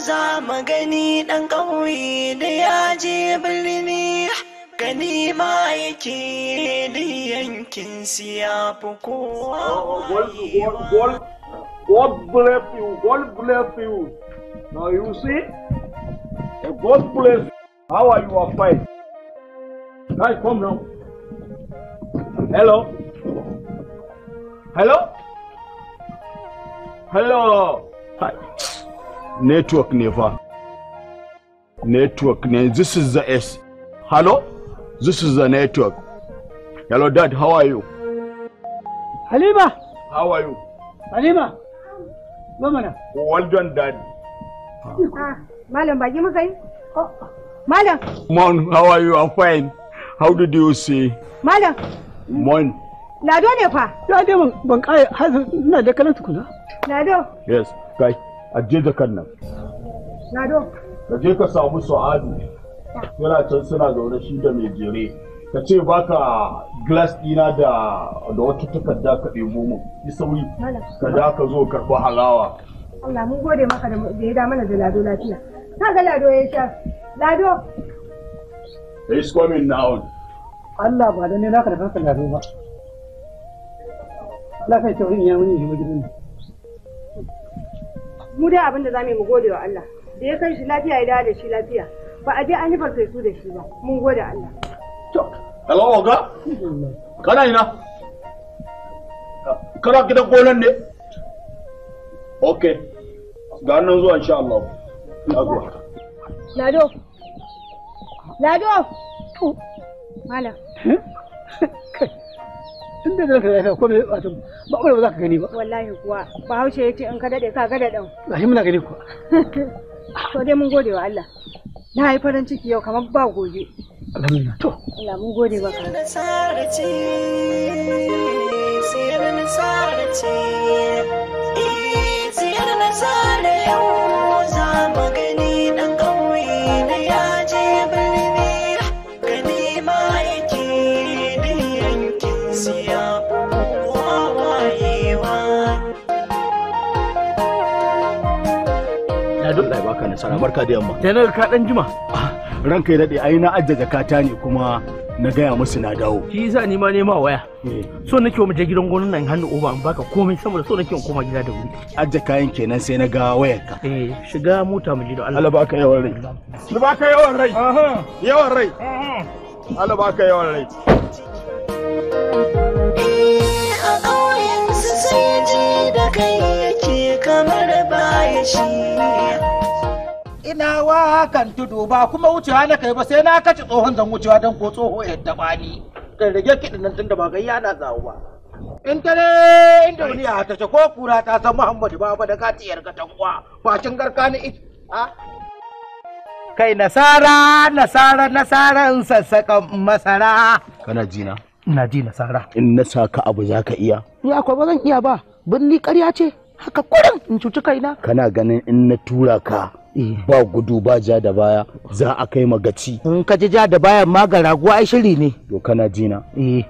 za mu gani ɗan ƙauye da ya je birni gani ma yake da yankin siya God bless you, God bless you. Now you see, God bless you. How are you are fine. Guys, come now. Hello? Hello? Hello? Hi. network ne fa network ne this is the s hello this is the network hello dad how are you halima how are you halima mana. well done dad ah, malam baki muka kai. Oh, malam mon how are you i'm fine how did you see malam mon lado ne fa lado ban kai ina da kalan tukuna lado yes kai aje da kan nan ka je ka samu su'adu yana can suna zaune shi da mai jere ka ce baka glass dina da wata takarda ka ɗebo mu yi sauri ka da ka zo karɓi halawa Allah mun gode maka da ya da mana da lado lafiya ka ga lado ya sha lado is coming now Allah ba da ne naka da kanka lado ba Allah kai tauhidi ya wuni shi gidan mu dai abin da zamu mu gode wa Allah da ya kai shi lafiya ya dawo da shi lafiya ba a je an yi farfesu da shi ba mun gode Allah to hello oga kana ina kana gidan gonan ne okay ga nan zuwa insha Allah Lado Lado Malam hmm? tun da ranka lafiya ko ba tun ba ƙwarar ba za ka gani ba wallahi kuwa ba haushe yace in ka dade ka ga daɗin ga shi muna gani kuwa to dai mun gode wa Allah na yi farin ciki yau kamar ba goge alhamdulillah to Allah mun gode ba ka sai sai sarace sarace sara barka da yamma kenan ka dan jima ah, ranka ya dade ai na ajjaja jakata ne kuma na gaya musu na dawo shi za ni ma nema waya eh. so nake mu je gidan gonan nan hannu uba an baka komai saboda so nake in koma gida da wuri ajja kayan kenan sai na ga wayar ka eh shiga mota mu je da Allah Allah baka yawan rai Allah baka yawan rai yawan rai Allah baka yawan rai a ƙauyen su sai kai yake kamar baya shi ina wa kan tudu ba kuma wucewa na kai ba sai na kace tsohon zan wucewa don ko tsoho ya taba ni kan rage kiɗin nan tunda ba kai ya na zawo ba in ta ne inda wani ya tace ko kura ta san muhammadu ba ba da katiyar ga tankwa cin garka ni a kai nasara nasara nasara in sassaka masara kana jina ina ji nasara in na saka abu zaka iya ni akwai ba zan iya ba birni ƙarya ce haka kurin in cuci kaina kana ganin in na tura ka ba gudu ba ja da baya za a kai magaci in ka ji ja da baya ma ga raguwa ai shiri ne to kana jina eh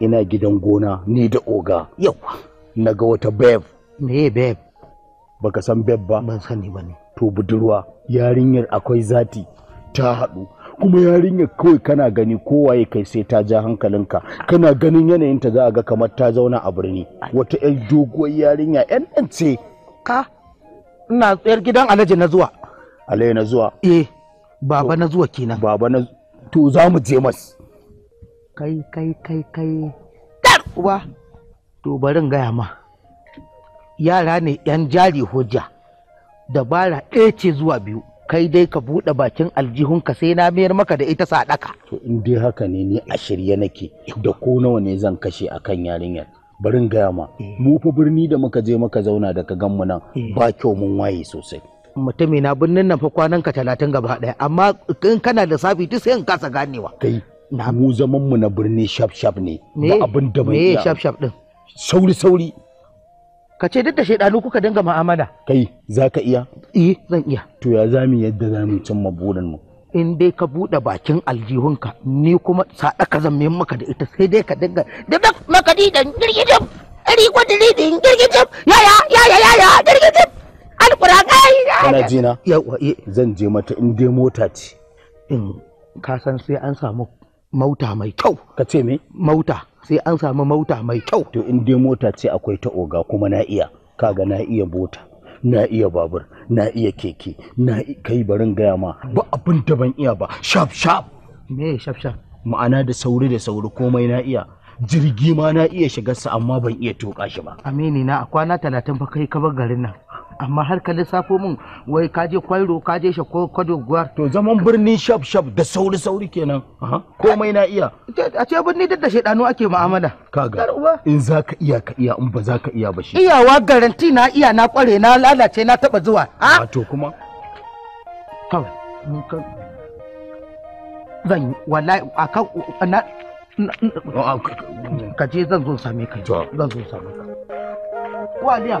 ina gidan gona ni da oga yawa naga wata beb me beb baka san beb ba ban sani ba ne to budurwa yarinyar akwai zati ta haɗu kuma yarinyar kawai kana gani kowaye kai sai ta ja hankalinka kana ganin yanayin ta za a ga kamar ta zauna a birni wata 'yar doguwar yarinya 'yan ce ka ina tsayar gidan alhaji na zuwa alhaji na zuwa eh baba na zuwa kenan baba na to za mu je mas kai kai kai kai dar uba to bari in gaya ma yara ne yan jari hujja dabara ɗaya ce zuwa biyu kai dai ka buɗe bakin aljihunka sai na mayar maka da ita sadaka to in dai haka ne ni a shirye nake da ko nawa ne zan kashe akan yarinyar barin gaya ma eh. mu fa birni da muka je muka zauna daga gan ganmu nan eh. ba kyau mun waye sosai mutumi na birnin nan fa kwanan ka talatin gaba daya amma in kana da safi duk sai in kasa ganewa kai mu zaman mu na birni shaf shaf ne da abin da bai me shaf shaf din sauri sauri ka ce duk da shaidanu kuka dinga ma'amala kai zaka iya eh zan iya to ya zamu yadda zamu cimma burin mu in dai ka buɗe bakin aljihunka ni kuma saɗa ka zamme maka da ita sai dai ka dinga da mak makadi da girgijin rigo da ya ya yaya yaya yaya girgijin alƙura kai kana jina eh. zan je mata in dai mota ce in ka san sai an samu mauta mai kyau ka ce me mauta sai an samu mauta mai kyau to in dai mota ce akwai ta oga kuma na iya kaga na iya mota na iya babur na iya keke na kai barin gaya ma ba abin da ban iya ba shaf shaf me shaf shaf ma'ana da sauri da sauri komai na iya jirgi ma na iya shigarsa amma ban iya tuƙa shi ba amini na a kwana talatin fa kai ka bar garin nan amma har ka lissafo min wai ka je kwairo ka je shakko kwado guwar to zaman birni shaf shaf da sauri sauri kenan komai na iya a ce birni duk da shaidanu ake mu'amala kaga in za ka iya ka iya in ba za ka iya ba shi iyawa garanti na iya na kware na lalace na taba zuwa a to kuma kawai zan yi wallahi akan na ka je zan zo same ka zan zo same ka waliya